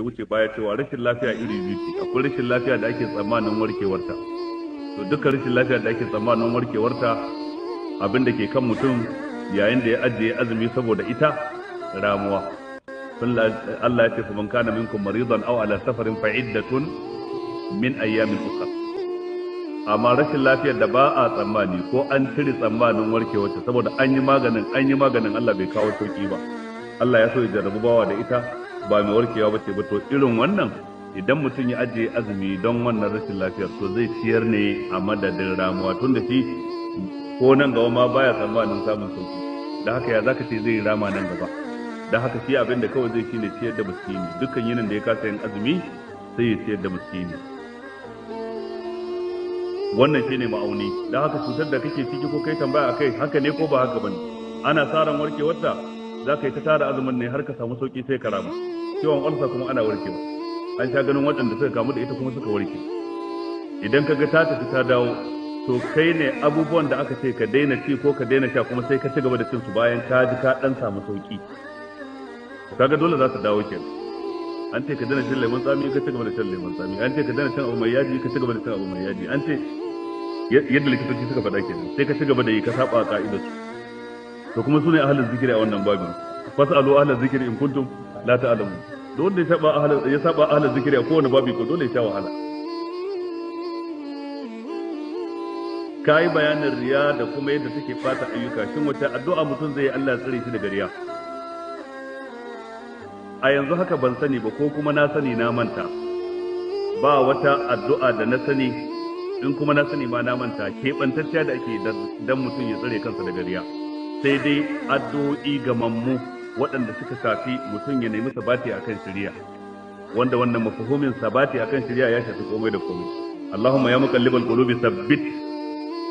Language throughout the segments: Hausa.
ya wuce baya cewa rashin lafiya iri biyu ce akwai rashin lafiya da ake tsammanin warkewarta to duka rashin lafiya da ake tsammanin warkewarta abin da ke kan mutum yayin da ya ajiye azumi saboda ita ramuwa Allah ya ce fa man kana minkum maridan aw ala safarin fa iddatun min ayyamin ukhra amma rashin lafiyar da ba a tsammani ko an cire tsammanin warkewarta saboda an yi maganin an yi maganin Allah bai kawo sauki ba Allah ya so ya jarrabu bawa da ita ba mai warkewa ba ce ba to irin wannan idan mutum ya ajiye azumi don wannan rashin lafiya to zai ciyar ne a madadin ramuwa tun da shi ko nan gaba ma baya tsammanin samun sauki da haka ya zaka ce zai rama nan gaba da haka shi abin da kawai zai shine ciyar da miskini dukkan yinin da ya kasa yin azumi sai ya ciyar da miskini wannan shine ma'auni da haka cutar da kake ciki ko kai tambaya akai haka ne ko ba haka bane ana sa ran warkewarta za ka yi ta tara azumin ne har ka samu sauki sai ka ciwon ulsa kuma ana warkewa an sha ganin waɗanda suka kamu da ita kuma suka warke idan ka ga ta tafi ta dawo to kai ne abubuwan da aka ce ka daina ci ko ka daina sha kuma sai ka ci gaba da cin su bayan ka ji ka dan samu sauki kaga dole za ta dawo kenan an ce ka daina cin lemon tsami ka ci gaba da cin lemon tsami an ce ka daina cin abu mai yaji ka ci gaba da cin abu mai yaji an ce yadda likitoci suka faɗa kenan sai ka ci gaba da yi ka saba ka'idar su to kuma sune ahlul zikri a wannan babin fasalu ahlul zikri in kuntum la ta'lamu da wanda ya saba ahlul ya saba ahlul zikri a kowane babi ko dole ya sha wahala kai bayanin riya da kuma yadda take fata ayyuka shin wata addu'a mutum zai Allah tsare shi daga riya a yanzu haka ban sani ba ko kuma na sani na manta ba wata addu'a da na sani in kuma na sani ma na manta keɓantacciya da ake dan mutum ya tsare kansa daga riya sai dai addu'o'i ga mammu waɗanda suka safi mutum ya nemi sabati a kan shari'a wanda wannan mafahimin sabati a kan shari'a ya shafi komai da komai Allahumma ya muqallibal qulubi thabbit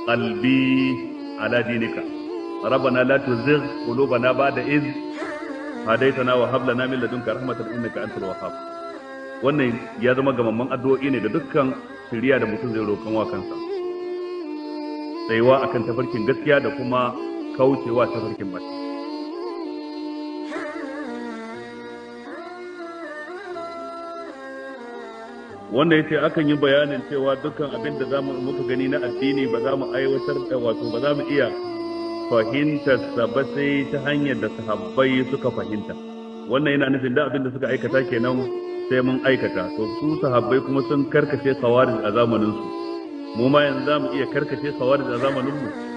qalbi ala dinika rabbana la tuzigh qulubana ba'da id hadaytana wa hab lana min ladunka rahmatan innaka antal wahhab wannan ya zama gamamman addu'o'i ne da dukkan shiriya da mutum zai roƙan wa kansa tsayuwa akan tafarkin gaskiya da kuma kaucewa ta farkin mata wanda ya ce akan yi bayanin cewa dukkan abin da zamu muka gani na addini ba za mu aiwatar da wato ba za mu iya fahimtar sa ba sai ta hanyar da sahabbai suka fahimta wannan yana nufin da abin da suka aikata kenan sai mun aikata to su sahabbai kuma sun karkace kawarin a zamaninsu mu ma yanzu za mu iya karkace kawarin a zamaninmu